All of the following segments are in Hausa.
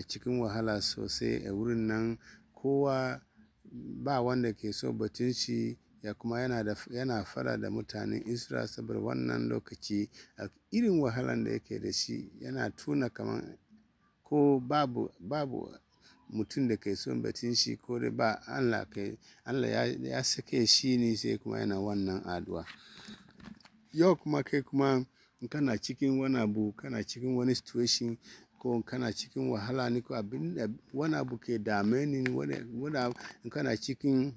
a cikin wahala sosai a wurin nan kowa ba wanda ke so batun shi ya kuma yana da yana fara da mutanen isra saboda wannan lokaci a irin wahalan da yake da shi yana tuna kamar ko babu babu mutum da ke son batun shi ko da ba Allah ya, ya sake shi ne sai kuma yana wannan aduwa yau kuma kai kuma kana cikin wani abu kana cikin wani situation ko kana cikin wahala ne ko abin da wani abu ke dame ni wani kana cikin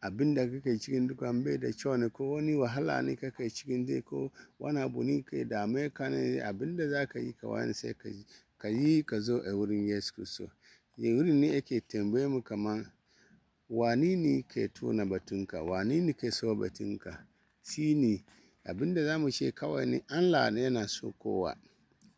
abin da kake cikin duka bai da kyau ne ko wani wahala ne kake cikin zai ko wani abu ne ke dame ka ne abin da za ka yi ka wani sai ka yi ka zo a wurin yesu kristo ya wurin ne yake tambaye mu kamar wani ne ke tona batunka wani ne ke so batunka shi ne abin da za mu ce kawai ne allah yana so kowa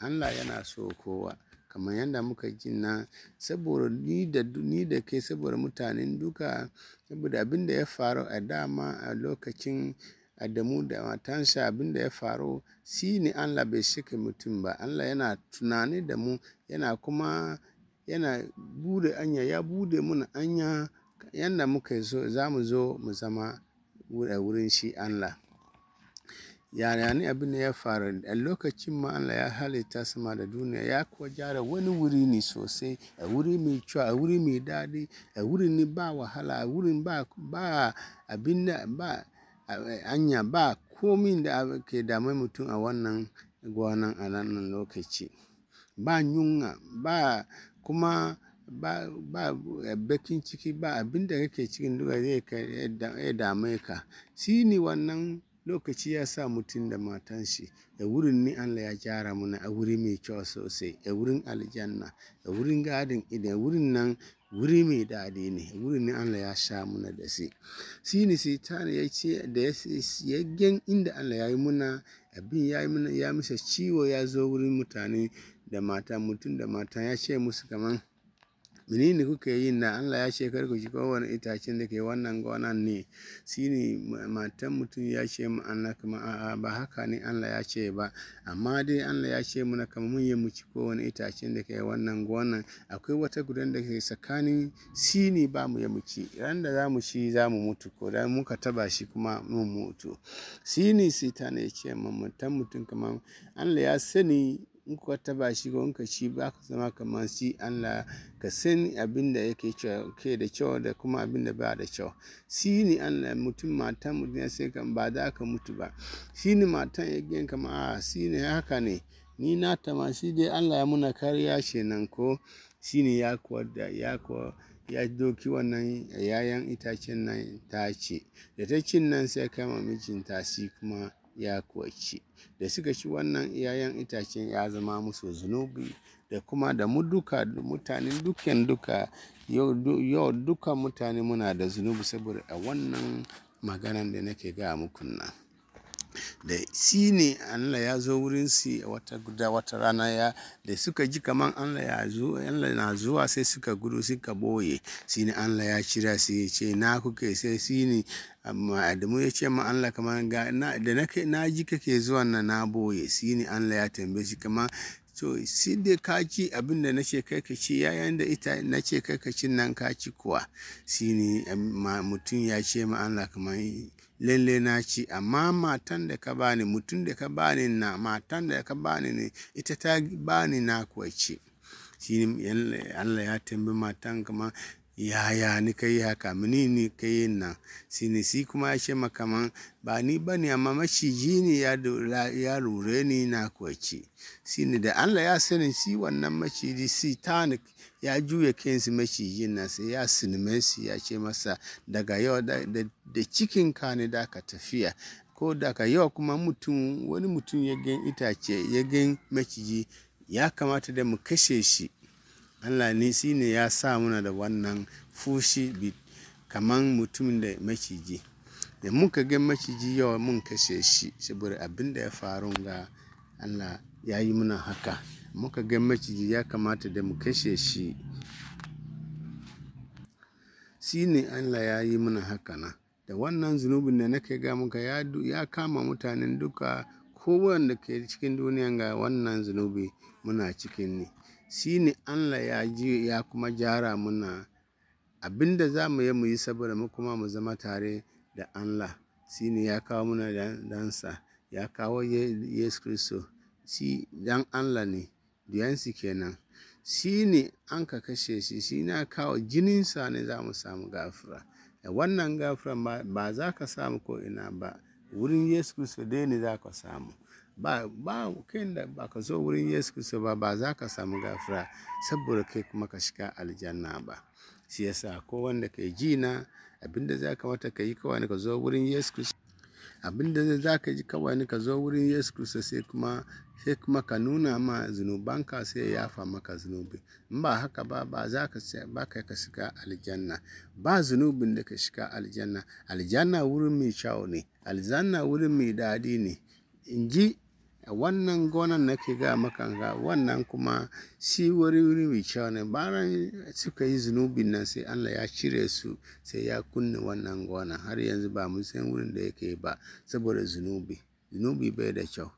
Allah yana so kowa kamar yadda muka gina nan saboda ni da ni da kai saboda mutanen duka saboda abin da ya faru a dama a lokacin Adamu da matansa abin da ya faru si ne Allah bai shike mutum ba Allah yana tunani da mu yana kuma yana bude anya ya bude mana anya yadda muka zo za mu zo mu zama wurin shi Allah. yaya ne abin da ya faru a lokacin ma Allah ya halitta sama da duniya ya kuwa gyara wani wuri ne sosai a wuri mai cewa a wuri mai daɗi a wuri ne ba wahala a wurin ba abin da ba anya ba komi da ke damar mutum a wannan gwanan a wannan lokaci ba yunwa ba kuma ba ba bakin ciki ba abin da kake cikin duka zai ya dame ka shi ne wannan lokaci ya sa mutum da matan shi a wurin ni Allah ya gyara mana a wuri mai kyau sosai a wurin aljanna a wurin gadin idan wurin nan wuri mai daɗi ne wurin ni Allah ya sha muna da shi shi ne sai ne ya ce da ya yaggen inda Allah ya yi muna abin ya yi muna ya misa ciwo ya zo wurin mutane da mata mutum da mata ya ce musu kaman menene kuke yi na Allah ya ce kar ku ci kowane itacen da ke wannan gonan ne ne matan mutum ya ce mu Allah kuma a'a ba haka ne Allah ya ce ba amma dai Allah ya ce na kama mun yi mu ci kowane itacen da ke wannan gonan akwai wata gudan da ke tsakanin sini ba mu yi mu ci ran da za mu ci za mu mutu ko da muka taba shi kuma mun mutu shi ne ne ya ce mu matan mutum kamar Allah ya sani in kuka taba shi ko in ka ci ba ka zama kamar shi Allah ka sani abin da yake ke da kyau da kuma abin da ba da kyau shi ne Allah mutum matan mutum sai kan ba za ka mutu ba shi ne matan kama a ah, shi ne haka ne ni na tama shi dai Allah ya muna kariya shi nan ko shi ne ya kuwa da ya kuwa ya doki wannan yayan itacen nan ta ce da ta cin nan sai kama mijinta shi kuma ya kuwa da suka ci wannan 'ya'yan itacen ya zama musu zunubi da kuma da mu duka mutanen dukkan duka yau duka mutane muna da zunubi saboda a wannan maganan da nake gaya muku nan da shi ne Allah ya zo wurin wurinsu wata guda wata rana ya da suka ji kaman Allah ya zo Allah na zuwa sai suka gudu suka boye shi ne Allah ya cira su ya ce na kuke sai shi ne Adamu ya ce ma Allah kaman ga na da na ji kake zuwa na na boye shi ne Allah ya tambaye shi kaman to shi dai ka ci abin da ce kai ka ci yayin da ita na ce kai ka ci nan ka ci kuwa shi ne mutum ya ce ma Allah kaman lalle na ci amma matan da ka bani mutum da ka bani na matan da ka bani ne ita ta bani na kuwa ci shi Allah ya tambi matan kama yaya ni ka yi haka ni ka yi nan Sinisi si kuma ya ce makaman ba ni ba ne amma maciji ne ya lura ni na kwace Sini da allah ya sani si wannan maciji ni ya juya kensu maciji nan sai ya sinima si ya ce masa daga yau da cikinka ne da ka tafiya ko daga yau kuma mutum wani mutum ya gan itace ya gan maciji ya kamata da mu kashe shi Allah ne shi ne ya sa muna da wannan fushi kaman kamar mutum da maciji da muka ga maciji yau mun kashe shi saboda abin da ya faru ga Allah ya yi muna haka muka ga maciji ya kamata da mu kashe shi shi ne Allah ya yi muna haka na da wannan zunubin da nake ga muka ya, ya kama mutanen duka kowanne da ke cikin duniya ga wannan zunubi muna cikin ne shi ne Allah ya ya kuma gyara muna abin da za mu yi mu yi saboda mu kuma mu zama tare da Allah shi ne ya kawo muna dansa ya kawo Yesu Kristo shi dan Allah ne duyansu kenan shi ne an ka kashe shi shi ne kawo jininsa ne za mu samu gafura wannan gafura ba za ka samu ko ina ba wurin Yesu Kristo dai ne za ka samu ba kai da ba ka zo wurin Yesu Kristo ba ba za ka samu gafara saboda kai kuma ka shiga aljanna ba shi yasa ko wanda kai ji na abinda za ka mata ka yi kawai ka zo wurin Yesu Kristo abinda za ka ji kawai ka zo wurin Yesu Kristo sai kuma sai kuma ka nuna ma zunubanka sai ya yafa maka zunubi in ba haka ba ba za ka ba kai ka shiga aljanna ba zunubin da ka shiga aljanna aljanna wurin mai kyau ne aljanna wurin mai daɗi ne in ji eh, wannan gonan nake ga maka ga wannan kuma shi wuri wuri mai kyau ne bayan suka yi zunubin nan sai Allah ya cire su sai ya kunna wannan gona har yanzu ba mun san wurin da yake ba saboda zunubi zunubi bai da kyau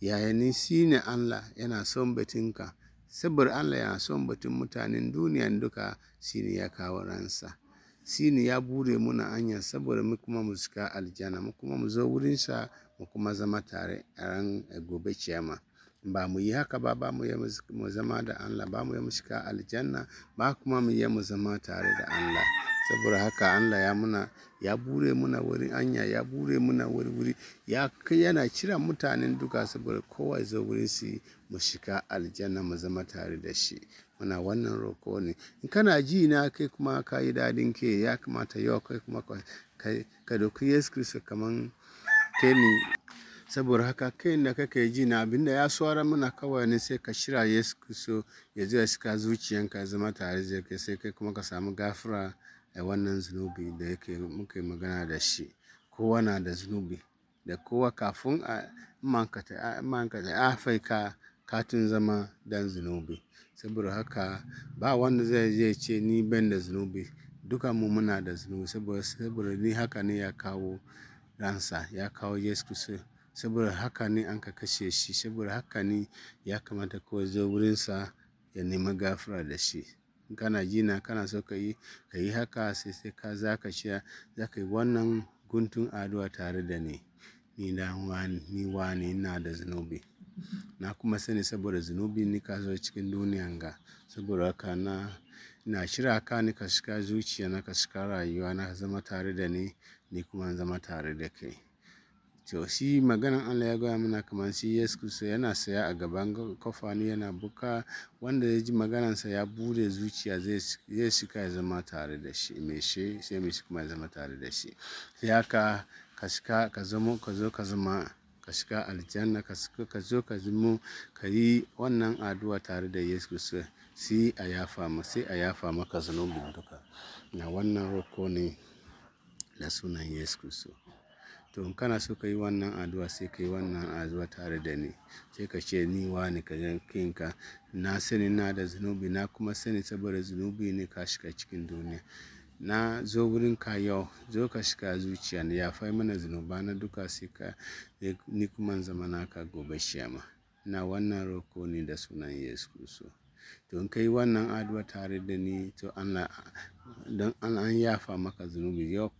yayin shi ne Allah yana son batinka saboda Allah yana son batun mutanen duniya duka shi ne ya kawo ransa shine ya bude muna anya saboda mu kuma mu shiga aljana mu kuma mu zo sa mu kuma zama tare a ran eh, gobe ciyama ba mu yi haka ba ba mu yi mu zama da Allah ba mu yi mu shiga aljanna ba kuma mu yi mu zama tare da Allah saboda haka Allah ya muna ya bure muna wurin anya ya bure muna wuri wuri ya yana kira mutanen duka saboda kowa zo wurin shi mu shiga aljanna mu zama tare da shi muna wannan roko ne in kana ji na kai kuma ka yi daɗin ke ya kamata yau kai kuma ka doki yesu kristo kaman kai ne saboda haka kai da kake ji na abinda ya suwara mana kawai ne sai ka shira yesu kristo ya zo shi ka zuciyanka zama tare da kai sai kai kuma ka samu gafara a wannan zunubi da yake muke magana da shi kowa na da zunubi da kowa kafin a manka ta afirka katin zama dan zunubi saboda haka ba wanda zai je ce ni ban da zunubi mu muna da zunubi saboda ni haka ne ya kawo ransa ya kawo Yesu saboda haka ne an ka kashe shi saboda haka ne ya kamata kawai zo wurinsa ya nema gafara da shi kana jina kana so ka yi ka yi haka sai sai ka za ka sha za ka yi wannan guntun aduwa tare da ni ni da da zunubi na kuma sani saboda zunubi ni ka zo cikin duniya ga saboda haka na ina shirya ka ni ka shiga zuciya na ka shiga rayuwa na zama tare da ni ni kuma zama tare da kai to shi maganan Allah ya gaya mana kamar shi Yesu Kristo yana saya a gaban kofa yana buka wanda ya ji sa ya bude zuciya zai shiga ya zama tare da shi me shi sai me shi kuma ya zama tare da shi sai ka, ka shiga ka zama ka zo ka zama ka shiga aljanna ka ka zo ka ka yi wannan addu'a tare da Yesu Kristo sai a yafa ma sai a yafa maka zunubin duka na wannan roko ne da sunan Yesu Kristo to in kana so ka yi wannan addu'a sai ka yi wannan addu'a tare da ni sai ka ce ni wani ka kinka na sani na da zunubi na kuma sani saboda zunubi ne ka shiga cikin duniya na zo k'a yau zo ka shiga zuciya na fai mana zunuba na duka sai ka ni kuma zama naka gobe shema na wannan roko ne da sunan yesu kristo to in kai wannan addu'a tare da ni to allah don an yafa maka zunubi yau